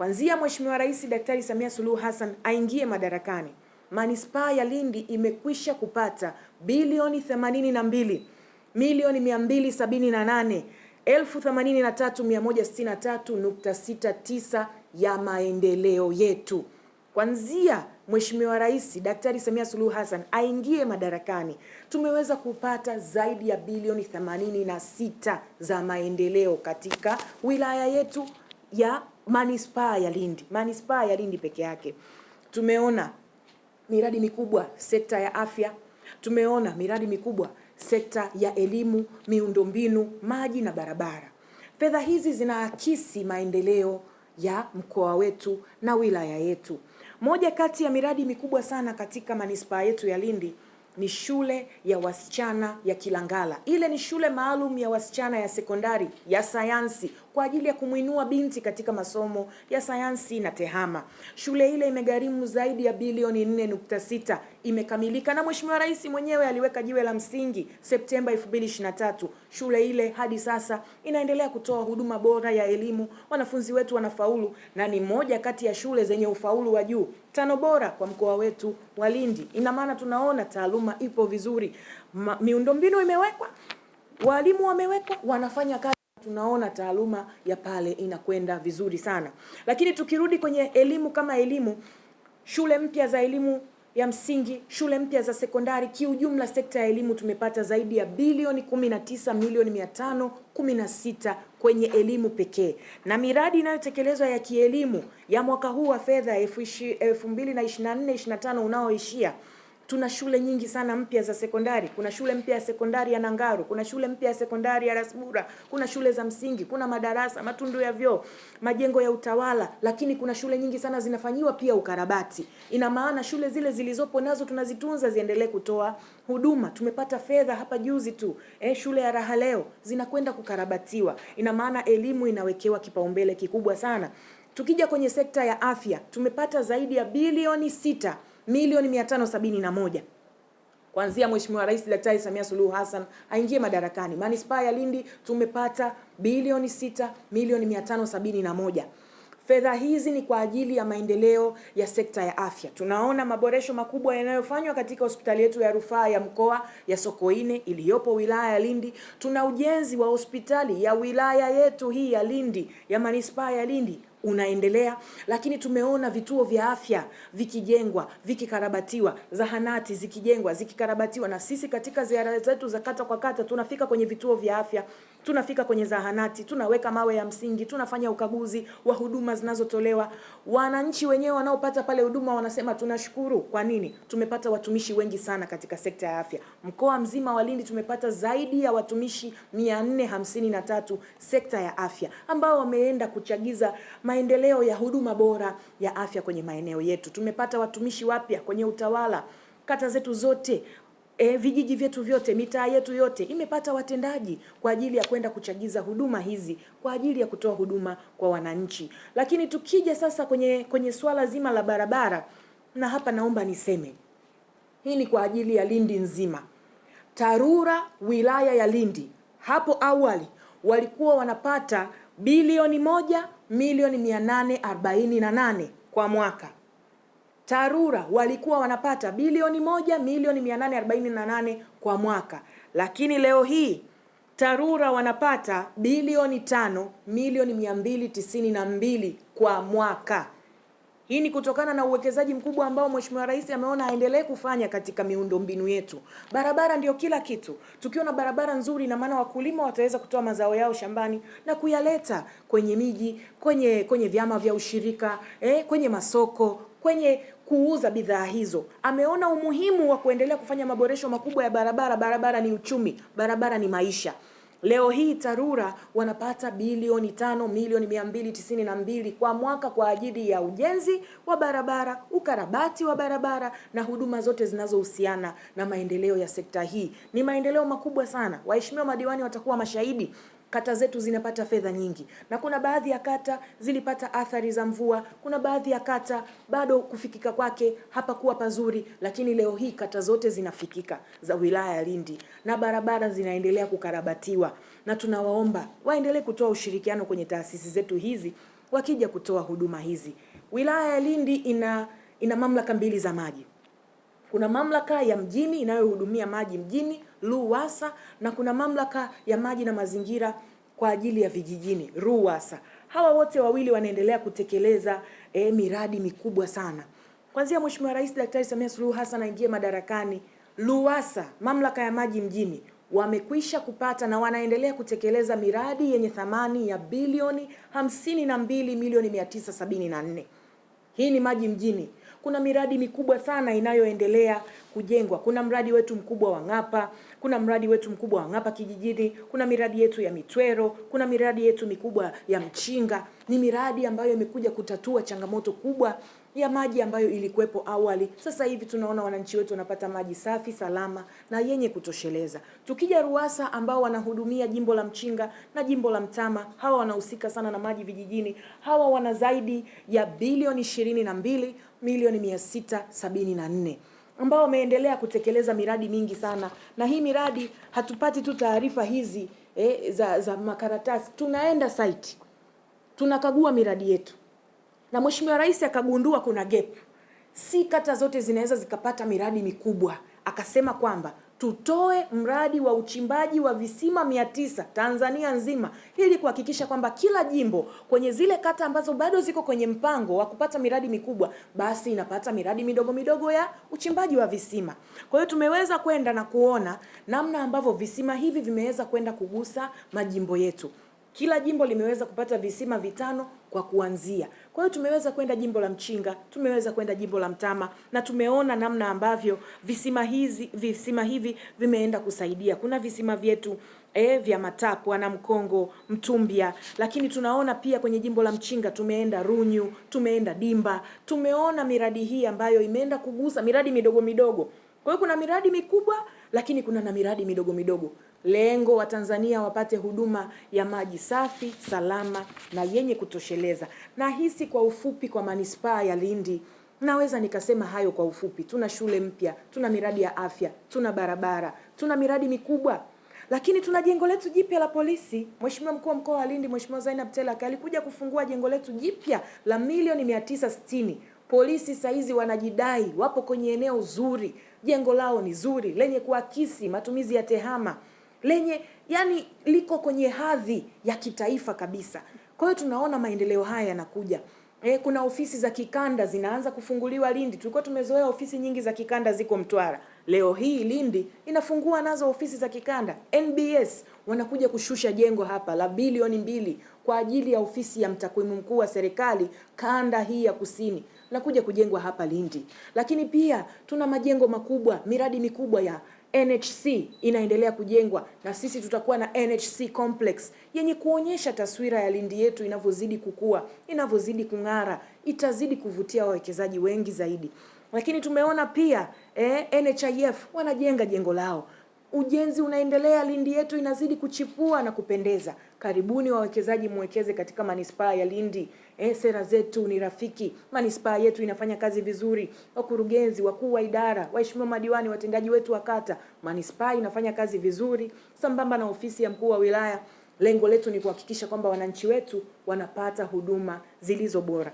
Kwanzia Mheshimiwa Rais Daktari Samia Suluhu Hassan aingie madarakani, manispaa ya Lindi imekwisha kupata bilioni 82 milioni 278 elfu 83163.69 ya maendeleo yetu. Kwanzia Mheshimiwa Rais Daktari Samia Suluhu Hassan aingie madarakani, tumeweza kupata zaidi ya bilioni 86 za maendeleo katika wilaya yetu ya manispaa ya Lindi, manispaa ya Lindi peke yake tumeona miradi mikubwa sekta ya afya, tumeona miradi mikubwa sekta ya elimu, miundombinu, maji na barabara. Fedha hizi zinaakisi maendeleo ya mkoa wetu na wilaya yetu. Moja kati ya miradi mikubwa sana katika manispaa yetu ya Lindi ni shule ya wasichana ya Kilangala. Ile ni shule maalum ya wasichana ya sekondari ya sayansi kwa ajili ya kumwinua binti katika masomo ya sayansi na tehama. Shule ile imegharimu zaidi ya bilioni 4.6, imekamilika na Mheshimiwa Rais mwenyewe aliweka jiwe la msingi Septemba 2023. Shule ile hadi sasa inaendelea kutoa huduma bora ya elimu, wanafunzi wetu wanafaulu na ni moja kati ya shule zenye ufaulu wa juu tano bora kwa mkoa wetu wa Lindi. Ina maana tunaona taaluma ipo vizuri, miundombinu imewekwa, walimu wamewekwa, wanafanya kazi tunaona taaluma ya pale inakwenda vizuri sana. Lakini tukirudi kwenye elimu kama elimu, shule mpya za elimu ya msingi, shule mpya za sekondari, kiujumla sekta ya elimu tumepata zaidi ya bilioni 19 milioni 516 kwenye elimu pekee, na miradi inayotekelezwa ya kielimu ya mwaka huu wa fedha 2024/25 unaoishia tuna shule nyingi sana mpya za sekondari. Kuna shule mpya ya sekondari ya Nangaru, kuna shule mpya ya sekondari ya Rasbura, kuna shule za msingi, kuna madarasa, matundu ya vyoo, majengo ya utawala, lakini kuna shule nyingi sana zinafanyiwa pia ukarabati. Ina maana shule zile zilizopo nazo tunazitunza ziendelee kutoa huduma. Tumepata fedha hapa juzi tu eh, shule ya Raha Leo zinakwenda kukarabatiwa. Ina maana elimu inawekewa kipaumbele kikubwa sana. Tukija kwenye sekta ya afya tumepata zaidi ya bilioni sita milioni 571 kuanzia Mheshimiwa Rais Daktari Samia Suluhu Hassan aingie madarakani. Manispaa ya Lindi tumepata bilioni 6 milioni 571. Fedha hizi ni kwa ajili ya maendeleo ya sekta ya afya. Tunaona maboresho makubwa yanayofanywa katika hospitali yetu ya rufaa ya mkoa ya Sokoine iliyopo wilaya ya Lindi. Tuna ujenzi wa hospitali ya wilaya yetu hii ya Lindi ya manispaa ya Lindi unaendelea lakini tumeona vituo vya afya vikijengwa vikikarabatiwa, zahanati zikijengwa zikikarabatiwa, na sisi katika ziara zetu za kata kwa kata tunafika kwenye vituo vya afya tunafika kwenye zahanati, tunaweka mawe ya msingi, tunafanya ukaguzi wa huduma zinazotolewa. Wananchi wenyewe wanaopata pale huduma wanasema tunashukuru. Kwa nini? Tumepata watumishi wengi sana katika sekta ya afya. Mkoa mzima wa Lindi tumepata zaidi ya watumishi 453 sekta ya afya, ambao wameenda kuchagiza maendeleo ya huduma bora ya afya kwenye maeneo yetu. Tumepata watumishi wapya kwenye utawala kata zetu zote e, vijiji vyetu vyote, mitaa yetu yote imepata watendaji kwa ajili ya kwenda kuchagiza huduma hizi kwa ajili ya kutoa huduma kwa wananchi. Lakini tukija sasa kwenye kwenye swala zima la barabara, na hapa naomba niseme hii ni kwa ajili ya Lindi nzima. TARURA wilaya ya Lindi hapo awali walikuwa wanapata bilioni moja milioni mia nane arobaini na nane kwa mwaka TARURA walikuwa wanapata bilioni moja milioni mia nane kwa mwaka, lakini leo hii TARURA wanapata bilioni tano milioni 292 na mbili kwa mwaka. Hii ni kutokana na uwekezaji mkubwa ambao Mheshimiwa Rais ameona aendelee kufanya katika miundombinu yetu. Barabara ndio kila kitu. Tukiwa na barabara nzuri, ina maana wakulima wataweza kutoa mazao yao shambani na kuyaleta kwenye miji, kwenye kwenye vyama vya ushirika, eh, kwenye masoko, kwenye kuuza bidhaa hizo. Ameona umuhimu wa kuendelea kufanya maboresho makubwa ya barabara. Barabara ni uchumi, barabara ni maisha. Leo hii TARURA wanapata bilioni tano milioni mia mbili tisini na mbili kwa mwaka kwa ajili ya ujenzi wa barabara, ukarabati wa barabara na huduma zote zinazohusiana na maendeleo ya sekta hii. Ni maendeleo makubwa sana, waheshimiwa madiwani watakuwa mashahidi. Kata zetu zinapata fedha nyingi, na kuna baadhi ya kata zilipata athari za mvua. Kuna baadhi ya kata bado kufikika kwake hapakuwa pazuri, lakini leo hii kata zote zinafikika za wilaya ya Lindi na barabara zinaendelea kukarabatiwa na tunawaomba waendelee kutoa ushirikiano kwenye taasisi zetu hizi wakija kutoa huduma hizi. Wilaya ya Lindi ina ina mamlaka mbili za maji. Kuna mamlaka ya mjini inayohudumia maji mjini RUWASA, na kuna mamlaka ya maji na mazingira kwa ajili ya vijijini RUWASA. Hawa wote wawili wanaendelea kutekeleza eh, miradi mikubwa sana. Kwanzia Mheshimiwa Rais Daktari Samia Suluhu Hassan aingie madarakani, Luwasa, mamlaka ya maji mjini wamekwisha kupata na wanaendelea kutekeleza miradi yenye thamani ya bilioni 52 milioni 974. Hii ni maji mjini. Kuna miradi mikubwa sana inayoendelea kujengwa. Kuna mradi wetu mkubwa wa Ng'apa, kuna mradi wetu mkubwa wa Ng'apa kijijini, kuna miradi yetu ya Mitwero, kuna miradi yetu mikubwa ya Mchinga. Ni miradi ambayo imekuja kutatua changamoto kubwa ya maji ambayo ilikuwepo awali. Sasa hivi tunaona wananchi wetu wanapata maji safi, salama na yenye kutosheleza. Tukija RUWASA ambao wanahudumia jimbo la Mchinga na jimbo la Mtama, hawa wanahusika sana na maji vijijini. Hawa wana zaidi ya bilioni ishirini na mbili milioni mia sita sabini na nne ambao wameendelea kutekeleza miradi mingi sana, na hii miradi hatupati tu taarifa hizi eh, za, za makaratasi. Tunaenda site tunakagua miradi yetu na Mheshimiwa Rais akagundua kuna gap, si kata zote zinaweza zikapata miradi mikubwa, akasema kwamba tutoe mradi wa uchimbaji wa visima mia tisa Tanzania nzima ili kuhakikisha kwamba kila jimbo kwenye zile kata ambazo bado ziko kwenye mpango wa kupata miradi mikubwa basi inapata miradi midogo midogo ya uchimbaji wa visima. Kwa hiyo tumeweza kwenda na kuona namna ambavyo visima hivi vimeweza kwenda kugusa majimbo yetu. Kila jimbo limeweza kupata visima vitano kwa kuanzia. Kwa hiyo tumeweza kwenda jimbo la Mchinga, tumeweza kwenda jimbo la Mtama na tumeona namna ambavyo visima hizi visima hivi vimeenda kusaidia. Kuna visima vyetu e, vya Matapwa na Mkongo, Mtumbya, lakini tunaona pia kwenye jimbo la Mchinga tumeenda Runyu, tumeenda Dimba. Tumeona miradi hii ambayo imeenda kugusa miradi midogo midogo. Kwa hiyo kuna miradi mikubwa lakini kuna na miradi midogo midogo lengo Watanzania wapate huduma ya maji safi, salama na yenye kutosheleza. Nahisi kwa ufupi kwa manispaa ya Lindi naweza nikasema hayo kwa ufupi. Tuna shule mpya, tuna miradi ya afya, tuna barabara, tuna miradi mikubwa, lakini tuna jengo letu jipya la polisi. Mheshimiwa mkuu wa mkoa wa Lindi, Mheshimiwa Zainab Telak alikuja kufungua jengo letu jipya la milioni 960. Polisi saizi wanajidai wapo kwenye eneo zuri, jengo lao ni zuri lenye kuakisi matumizi ya tehama lenye yani liko kwenye hadhi ya kitaifa kabisa. Kwa hiyo tunaona maendeleo haya yanakuja. E, kuna ofisi za kikanda zinaanza kufunguliwa Lindi. Tulikuwa tumezoea ofisi nyingi za kikanda ziko Mtwara, leo hii Lindi inafungua nazo ofisi za kikanda. NBS wanakuja kushusha jengo hapa la bilioni mbili kwa ajili ya ofisi ya mtakwimu mkuu wa serikali kanda hii ya kusini nakuja kujengwa hapa Lindi, lakini pia tuna majengo makubwa, miradi mikubwa ya NHC inaendelea kujengwa na sisi tutakuwa na NHC complex yenye kuonyesha taswira ya Lindi yetu inavyozidi kukua, inavyozidi kung'ara, itazidi kuvutia wawekezaji wengi zaidi. Lakini tumeona pia eh, NHIF wanajenga jengo lao Ujenzi unaendelea, Lindi yetu inazidi kuchipua na kupendeza. Karibuni wawekezaji, mwekeze katika manispaa ya Lindi. E, sera zetu ni rafiki, manispaa yetu inafanya kazi vizuri. Wakurugenzi, wakuu wa idara, waheshimiwa madiwani, watendaji wetu wa kata, manispaa inafanya kazi vizuri, sambamba na ofisi ya mkuu wa wilaya. Lengo letu ni kuhakikisha kwamba wananchi wetu wanapata huduma zilizo bora.